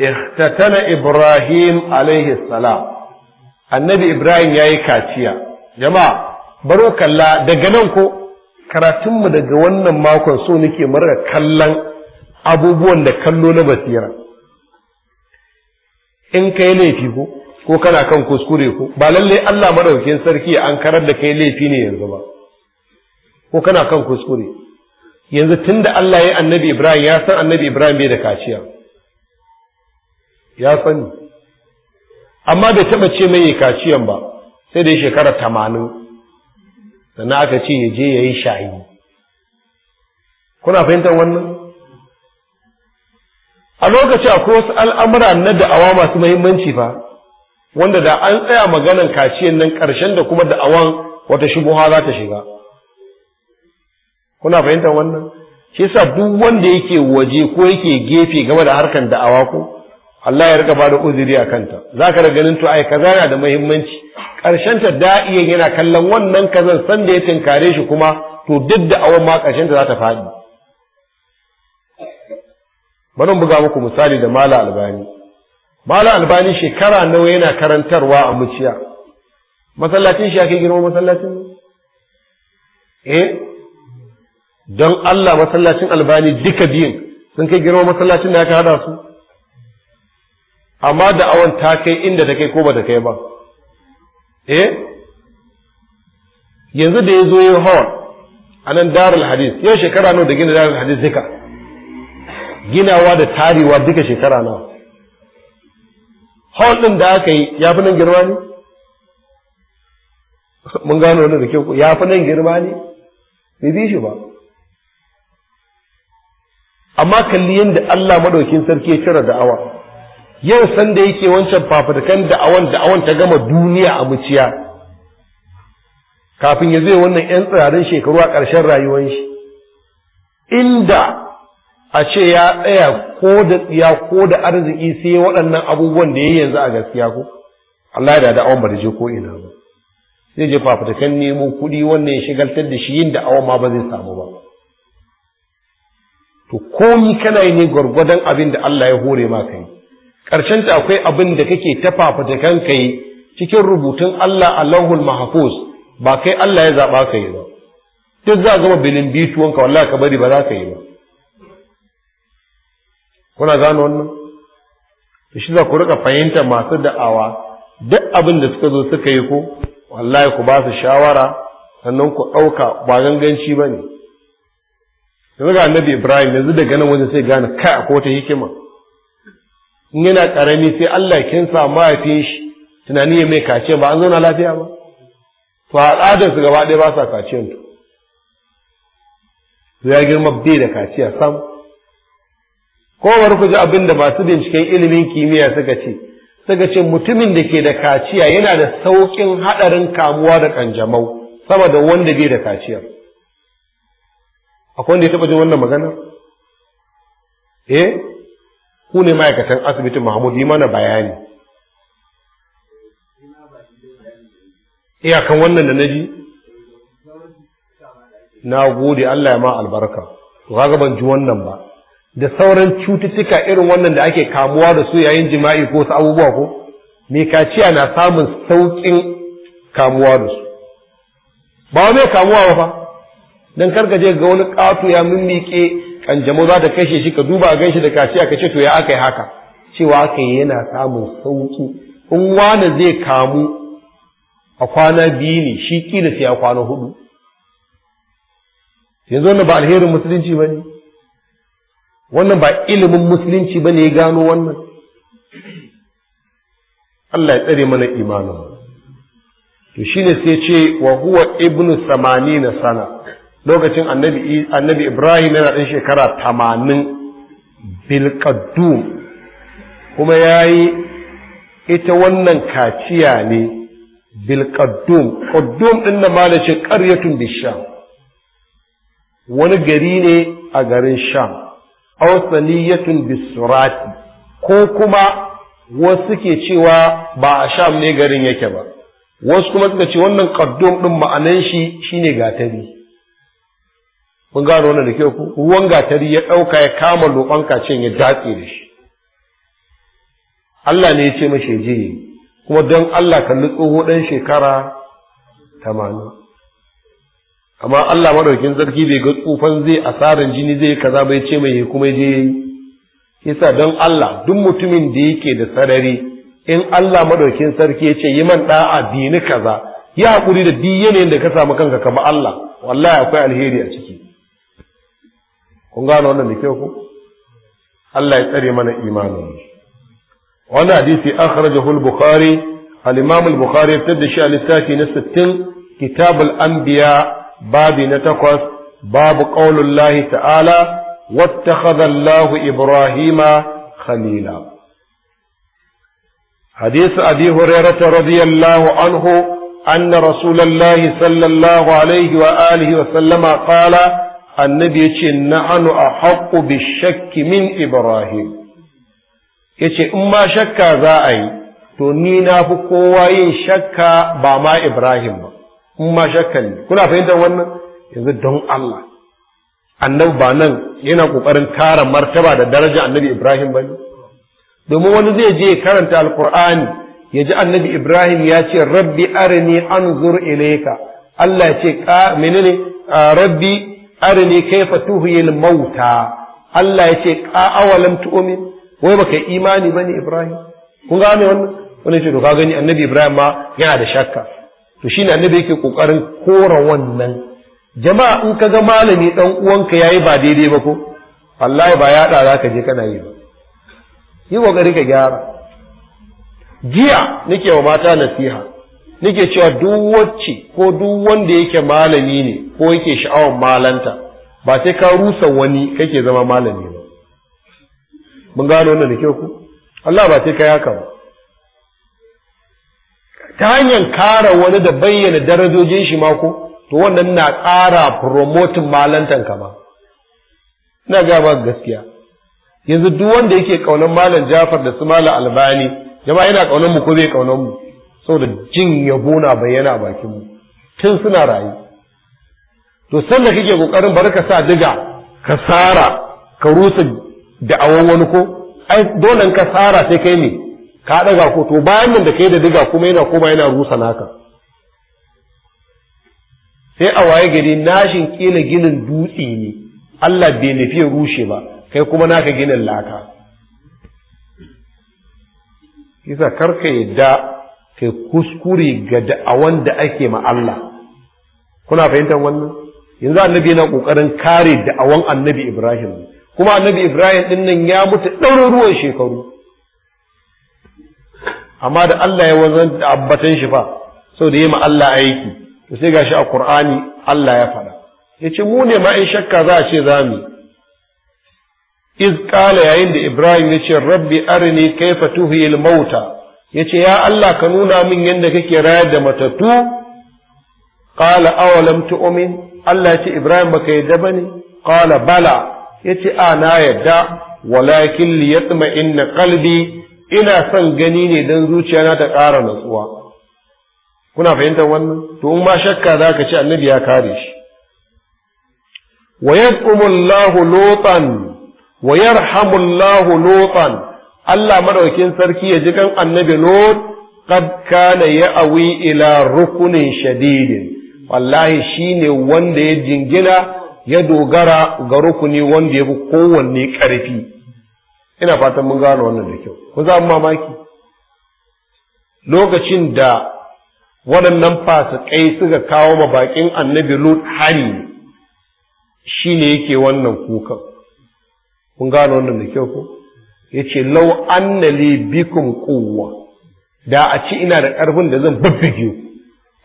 Speaker 1: ihtatana ibrahim alaihi salam annabi ibrahim ya yi kaciya jama'a baro kalla daga nan ko karatunmu daga wannan makon so nake mara kallon abubuwan da kallo na basira in ka yi laifi ko ko kana kan kuskure ko ba lallai Allah madaukakin sarki an karar da kai laifi ne yanzu ba ko kana kan kuskure yanzu tun da Allah ya yi annabi Ibrahim ya san annabi Ibrahim bai da kaciya ya sani amma bai taɓa ce mai kaciyan ba sai da ya shekara tamanin sannan aka ce ya je ya yi shayi kuna fahimtar wannan a lokaci akwai wasu al'amura na da'awa masu mahimmanci fa wanda da an tsaya maganan kaciyan nan ƙarshen da kuma da'awan wata shubuha za ta shiga kuna fahimtar wannan shi yasa duk wanda yake waje ko yake gefe game da harkan da'awa ko Allah ya rika bada uzuri a kanta za ka ganin to ai kaza yana da muhimmanci Karshen ta da'iyan yana kallon wannan kazan san da ya tinkare shi kuma to duk da awon ma ƙarshen ta za ta faɗi bari buga muku misali da mala albani mala albani shekara nawa yana karantarwa a muciya masallacin shi ake girma masallacin eh don Allah masallacin albani duka biyun sun kai girma masallacin da aka hada su amma da awon ta kai inda ta kai ko ba ta kai ba eh yanzu da ya zo yin hawa a nan darul hadis yau shekara nawa da gina darul hadis duka ginawa da tarewa duka shekara nawa Hall din da aka yi ya fi nan girma ne mun gano wani da kyau ya fi nan girma ne bai bi shi ba amma kalli yadda Allah madaukin sarki ya cire da'awa yau sanda yake wancan fafutukan da'awan da'awan ta gama duniya a muciya kafin ya zai wannan yan tsirarin shekaru a ƙarshen rayuwar shi inda a ce ya tsaya ko da tsiya ko da arziki sai waɗannan abubuwan da ya yi yanzu a gaskiya ko Allah da da'awan ba da je ko ina ba zai je fafatakan nemo kuɗi wannan ya shigaltar da shi yin da'awan ma ba zai samu ba to komi kana yi ne gwargwadon abin da Allah ya hore ma kai ƙarshen ta akwai abin da kake tafafa da kanka cikin rubutun Allah a lauhul mahfuz ba kai Allah ya zaba ka yi ba duk za gama bilin bituwanka wallahi ka bari ba za ka yi ba kuna gano wannan to shi za ku rika fahimta masu da'awa duk abin da suka zo suka yi ko wallahi ku ba su shawara sannan ku ɗauka ba ganganci ba ne yanzu ga annabi ibrahim yanzu daga nan wajen sai gane kai ko wata hikima in yana karami sai allah kin sa mahaifin shi tunani ya mai kace ba an zauna lafiya ba to su gaba ɗaya ba sa kaciyan to ya girma bai da kaciya sam ko bari ku ji abin da masu binciken ilimin kimiyya suka ce suka ce mutumin da ke da kaciya yana da sauƙin haɗarin kamuwa da ƙanjamau sama da wanda bai da kaciyar. akwai wanda ya taɓa jin wannan magana eh ku ne ma'aikatan asibitin mahmud yi mana bayani iyakan wannan da na na gode allah ya ma albarka to ka ban ji wannan ba da sauran cututtuka irin wannan da ake kamuwa da su yayin jima'i ko wasu abubuwa ko me kaciya na samun sauƙin kamuwa da su ba wani kamuwa ba fa dan ka je ga wani ƙato ya mimmike kanjamo za ta kashe shi ka duba gan shi da kaciya ka ce to ya aka yi haka cewa aka yi yana samun sauki in wani zai kamu a kwana biyu ne shi kila sai a kwana hudu yanzu wannan ba alherin musulunci ba ne wannan ba ilimin musulunci ba ne ya gano wannan Allah ya tsare mana imanin to shine sai ce wa huwa ibnu 80 sana lokacin annabi ibrahim yana ɗan shekara tamanin bilkaddu kuma ya yi ita wannan kaciya ne bilkaddum kaddum ɗin na malacin ƙaryatun bisham wani gari ne a garin sham ausaniyatun bisurati ko kuma wasu ke cewa ba a sham ne garin yake ba wasu kuma suka ce wannan kaddum ɗin ma'anan shi shine gatari mun gano wannan da kyau ku ruwan gatari ya ɗauka ya kama loɓan kacin ya datse da shi Allah ne ya ce mashi je kuma don Allah kalli tsoho ɗan shekara tamanin amma Allah madaukin sarki bai ga tsufan zai asarin jini zai kaza bai ce mai kuma je yasa don Allah duk mutumin da yake da sarari in Allah maɗaukin sarki ya ce yi man ɗa'a dini kaza Yi haƙuri da duk yanayin da ka samu kanka kama Allah wallahi akwai alheri a ciki kun gano wannan da kyau ku Allah ya tsare mana imanin wannan hadisi an kharajahu Hul bukhari al-imam al-bukhari tadda shi a littafi na 60 kitab al-anbiya babi na takwas babu qaulullahi ta'ala wattakhadha Allahu ibrahima khalila حديث أبي هريرة رضي الله عنه أن رسول الله صلى الله عليه وآله وسلم قال annabi ya ce na'anu a haƙo bi shakki min ibrahim ya ce in ma shakka za a yi to ni na fi kowa yin shakka ba ma ibrahim ba in ma shakka ne kuna fahimtar wannan yanzu don allah annabi ba nan yana ƙoƙarin kara martaba da daraja annabi ibrahim ba ne domin wani zai je karanta alkur'ani ya ji annabi ibrahim ya ce rabbi arini anzur ilayka allah ya ce menene ah, rabbi arini kaifa tuhiyil mauta Allah ya ce awalam tu'min wai baka yi imani bane Ibrahim kun gane wannan wani ce to ka gani annabi Ibrahim ma yana da shakka to shine annabi yake kokarin kora wannan jama'a in ka ga malami dan uwanka yayi ba daidai ba ko wallahi ba yaɗa za ka je kana yi ba yi kokari ka gyara jiya nake wa mata nasiha nake cewa duk wacce ko duk wanda yake malami ne ko yake sha'awar malanta ba sai ka rusa wani kake zama malami ba mun gano wannan da kyau ku Allah ba sai ka yaka ba ta hanyar kara wani da bayyana darajojin shi mako to wannan na kara promoting malantan ka ba ina ga ba gaskiya yanzu duk wanda yake kaunar malam Jafar da su malam Albani jama'a yana kaunar mu ko bai kaunar mu saboda jin yabo na bayyana bakin mu tun suna rayu to sanda kake kokarin bari ka sa diga ka sara ka rusa awon wani ko ai dole ka sara sai kai ne ka daga ko to bayan nan da kai da diga kuma yana koma yana rusa naka sai a waye gari nashin kila ginin dutse ne Allah bai nufi rushe ba kai kuma naka ginin laka kisa kar karka yadda kai kuskure ga da'awan da ake ma Allah kuna fahimtar wannan yanzu annabi yana kokarin kare da'awan annabi Ibrahim kuma annabi Ibrahim din nan ya mutu ɗaruruwan shekaru amma da Allah ya wazan da abbatan shi fa da yi ma Allah aiki to sai gashi a Qur'ani Allah ya faɗa yace mu ne ma in shakka za a ce za mu iz qala yayin da Ibrahim ya ce rabbi arini kayfa tuhi al-mauta ya ce ya Allah ka nuna min yadda kake rayar da matattu qala awalam tu'min Allah ya ce Ibrahim baka yadda ne. qala bala ya ce a na yadda walakin li inna qalbi ina son gani ne dan na ta ƙara natsuwa kuna fahimtar wannan to in ma shakka zaka ce annabi ya kare shi wa yad'umu Allahu lutan wa yarhamu lutan Allah madaukin sarki ya ji kan annabi Lot qad kana ya'wi ila rukunin shadidin wallahi shine wanda ya jingina ya dogara ga rukuni wanda ya bi kowanne ƙarfi ina fatan mun gano wannan da kyau ku za mu mamaki lokacin da waɗannan fasikai suka kawo ma bakin annabi Lut hari shine yake wannan kukan kun gano wannan da kyau ko yace law anna li bikum quwwa da a ci ina da ƙarfin da zan babbige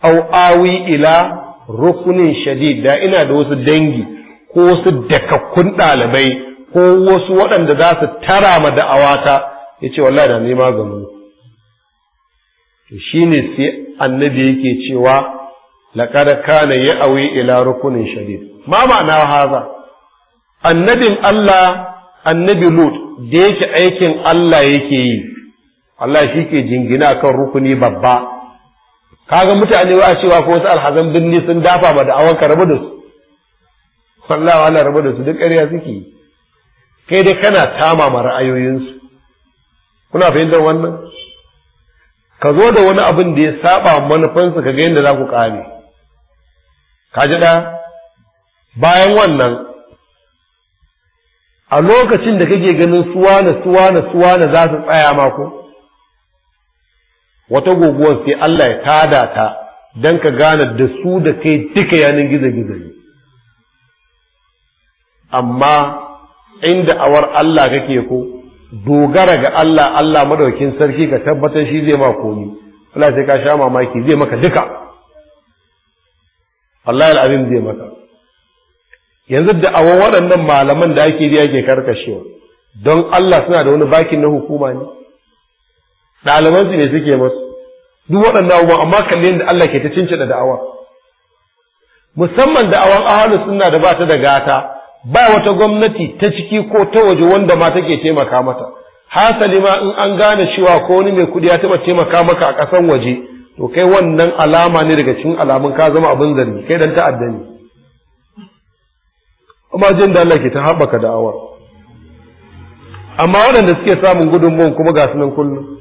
Speaker 1: Au awi ila rukunin shadid da ina da wasu dangi ko wasu dakakkun ɗalibai ko wasu waɗanda za su tara ma da'awata ya ce wallahi da nema ga mu to shine sai annabi yake cewa laqad kana awi ila rukunin shadid ma ma'ana haza annabin Allah annabi Lut da yake aikin Allah yake yi Allah shi ke jingina kan rukuni babba kaga mutane wa cewa ko wasu alhazan birni sun dafa ba da awon ka rabu da su Sallawa ala rabu da su duk ƙarya suke yi kai dai kana tama ma ra'ayoyinsu kuna fahimtar wannan ka zo da wani abin da ya saba manufansu ka ga yadda za ku kame ka ji ɗaya bayan wannan a lokacin da kake ganin suwana suwana suwana za su tsaya mako wata guguwar sai Allah ya tada ta don ka gane da su da kai duka yanin gizo-gizo ne amma inda awar Allah kake ko dogara ga Allah Allah madaukin sarki ka tabbatar shi zai ma komi Allah sai ka sha mamaki zai maka duka Allah al'azim zai maka yanzu da awon waɗannan malaman da ake biya ke karkashewa don Allah suna da wani bakin na hukuma ne su ne suke masu duk waɗannan abubuwan amma kalli yadda Allah ke ta da da'awa musamman da'awan ahalus suna da ba ta da gata ba wata gwamnati ta ciki ko ta waje wanda ma take taimaka mata hasali ma in an gane cewa ko wani mai kuɗi ya taɓa taimaka maka a ƙasan waje to kai wannan alama ne daga cikin alamun ka zama abin zargi kai dan ta'adda ne amma jin da Allah ke ta haɓaka da da'awar amma waɗanda suke samun gudunmuwan kuma ga sunan kullum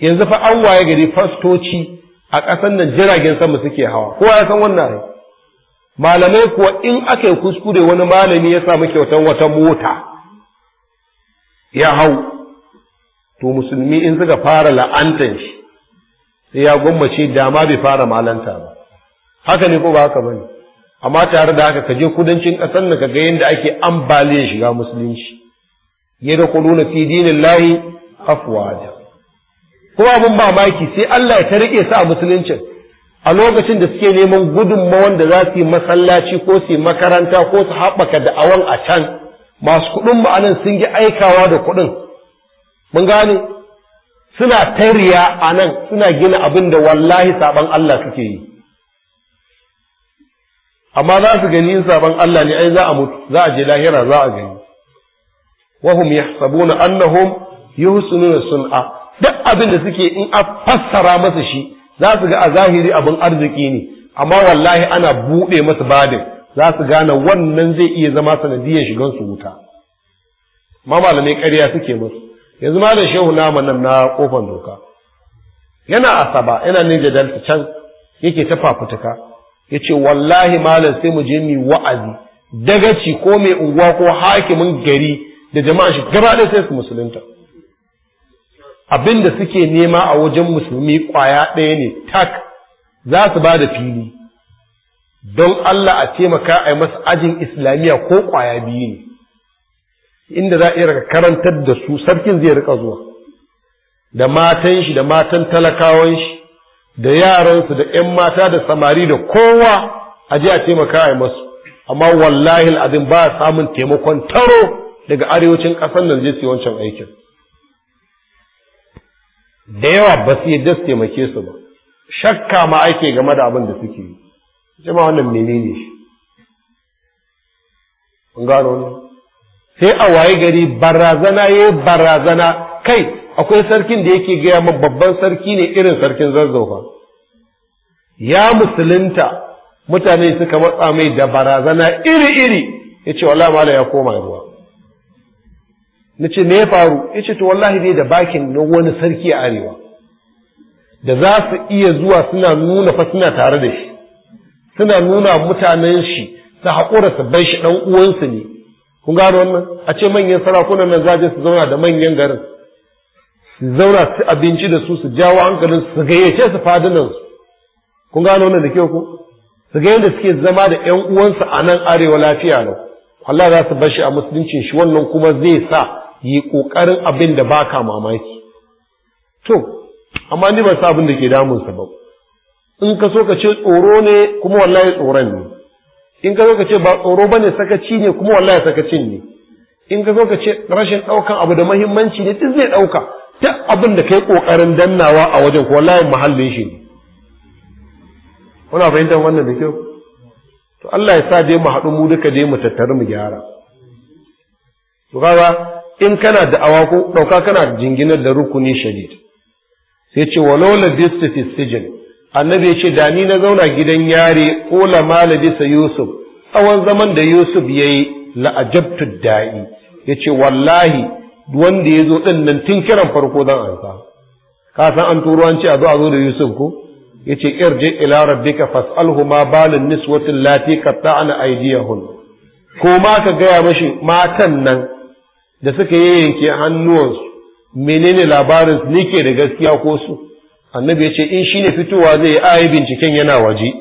Speaker 1: yanzu fa an waye gari fastoci a ƙasar nan jiragen sama suke hawa kowa ya san wannan ne malamai kuwa in aka yi kuskure wani malami ya samu kyautan wata mota ya hau to musulmi in suka fara la'antan shi sai ya gwammace dama bai fara malanta ba haka ne ko ba haka bane amma tare da haka ka je kudancin ƙasar nan ka ga yadda ake ambaliyar shiga musulunci yadkhuluna fi dinillahi afwaja kuma abin mamaki sai Allah ya ta riƙe su a musuluncin a lokacin da suke neman gudunmawan da za su yi masallaci ko su yi makaranta ko su haɓaka da'awan a can masu kuɗin ma'anan sun yi aikawa da kuɗin mun gane suna tariya a nan suna gina abin da wallahi sabon Allah suke yi amma za su gani in sabon Allah ne ai za a mutu za a je lahira za a gani hum yahsabuna annahum yuhsinuna sun'a duk abin da suke in a fassara masa shi za su ga a zahiri abin arziki ne amma wallahi ana bude masa badin za su gane wannan zai iya zama sanadiyar shigan su wuta ma malamai ƙarya suke musu yanzu ma da shehu nama nan na kofan doka yana asaba yana ninja delta can yake ta fafutuka ya ce wallahi malam sai mu je mu wa'azi dagaci ko mai unguwa ko hakimin gari da jama'a shi gaba da sai su musulunta abin da suke nema a wajen musulmi kwaya ɗaya ne tak za su ba da fili don Allah a taimaka a yi masa ajin islamiyya ko kwaya biyu ne inda za a iya karantar da su sarkin zai rika zuwa da matan shi da matan talakawan shi da yaransu da 'yan mata da samari da kowa a ji a taimaka a masu amma wallahi al'adun ba samun taimakon taro daga arewacin ƙasar nan zai su wancan aikin da yawa ba su yadda su taimake su ba shakka ma ake game da abin da suke yi jama wannan menene shi gano ne sai a waye gari barazana ya barazana kai akwai sarkin da yake gaya min babban sarki ne irin sarkin zazzaufa ya musulunta mutane suka matsa mai da barazana iri-iri ya ce wallahi mala ya koma ruwa na ce me ya faru ya ce to wallahi da bakin na wani sarki a arewa da za su iya zuwa suna nuna fa suna tare da shi suna nuna mutanen shi su haƙura su bai shi ɗan uwansu ne kun gano wannan a ce manyan sarakunan nan za zaje su zauna da manyan garin su zauna su abinci da su su jawo hankalin su gayyace su fadunan su kun gano wannan da kyau ku? su ga yadda suke zama da ƴan uwansa a nan arewa lafiya lau Allah za su bar shi a musuluncin shi wannan kuma zai sa yi ƙoƙarin abin da baka mamaki to amma ni ba sa abin da ke damunsa ba in ka so ka ce tsoro ne kuma wallahi tsoron ne in ka so ka ce ba tsoro ba ne sakaci ne kuma wallahi sakacin ne in ka so ka ce rashin ɗaukan abu da mahimmanci ne duk zai ɗauka duk abin da kai kokarin dannawa a wajen ko layin muhallin shi ne Kuna fahimtar wannan da kyau to Allah ya sa dai mu haɗu mu duka dai mu tattaru mu gyara to kaga in kana da awa ko dauka kana jinginar da rukuni shadid sai ce walau la fi sijin annabi ya ce da ni na zauna gidan yare ko la sa yusuf tsawon zaman da yusuf yayi la ajabtu da'i yace wallahi wanda ya zo ɗin nan tun kiran farko zan ansa ka san an turo an ce a zo a zo da yusuf ko ya ce irje ila rabbika fas'alhu ma balin niswatin lati qatta'na aydiyahun ko ma ka gaya mashi matan nan da suka yi yanke hannuwansu menene labarin su nike da gaskiya ko su annabi ya ce in shi ne fitowa zai yi ayi binciken yana waje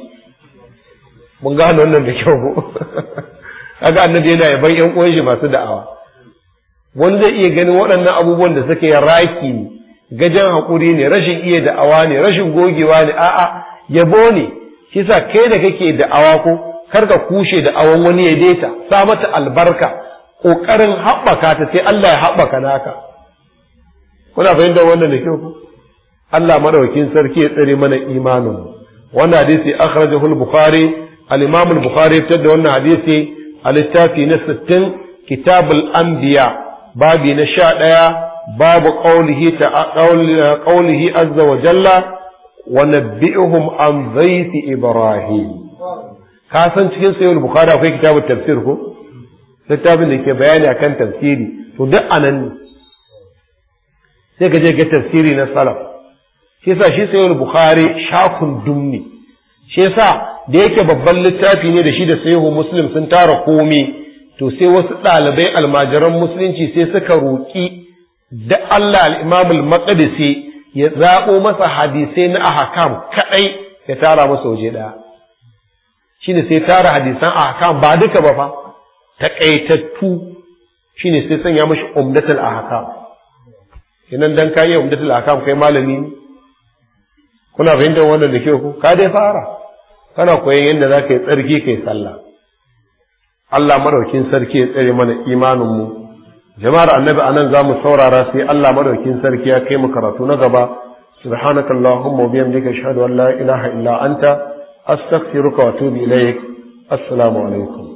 Speaker 1: mun gano wannan da kyau ko kaga annabi yana yaban yan uwan shi masu da'awa wani zai iya ganin waɗannan abubuwan da suka yi raki ne gajen haƙuri ne rashin iya da'awa ne rashin gogewa ne a'a yabo ne kisa kai da kake da'awa ko karka kushe da da'awan wani ya daita sa mata albarka ƙoƙarin haɓaka ta sai Allah ya haɓaka naka kuna fahimtar wannan da kyau Allah madaukakin sarki ya tsare mana imanin wannan hadisi akhrajahu al-bukhari al-imam al-bukhari fitar da wannan hadisi a littafi na sittin kitabul anbiya babi na sha ɗaya babu ƙaunihi ta ƙaunihi azza wa jalla wa nabbi'uhum an zaifi ibrahim ka san cikin sayyid bukhari akwai kitabun tafsir ko littafin da ke bayani akan tafsiri to duk anan ne sai ka je ga tafsiri na salaf shi yasa shi sayyid bukhari shakun dumni shi yasa da yake babban littafi ne da shi da sayyid muslim sun tara komai to sai wasu ɗalibai almajiran musulunci sai suka roƙi da Allah al'imamul maƙadisi ya zaɓo masa hadisai na ahakam kaɗai ya tara masa waje ɗaya shi ne sai tara hadisan ahakam ba duka ba fa taƙaitattu shi ne sai sanya mashi umdatul ahakam kenan dan ka yi umdatul ahakam kai malami ne kuna fahimtar wannan da ke ku ka dai fara kana koyon yadda za ka yi tsarki ka yi sallah Allah madaukin sarki ya tsere mana imaninmu jama'ar annabi anan za mu saurara sai Allah madaukin sarki ya kai mu karatu na gaba subhanaka allahumma wa bihamdika ashhadu an la ilaha illa anta astaghfiruka wa atubu ilaik assalamu alaikum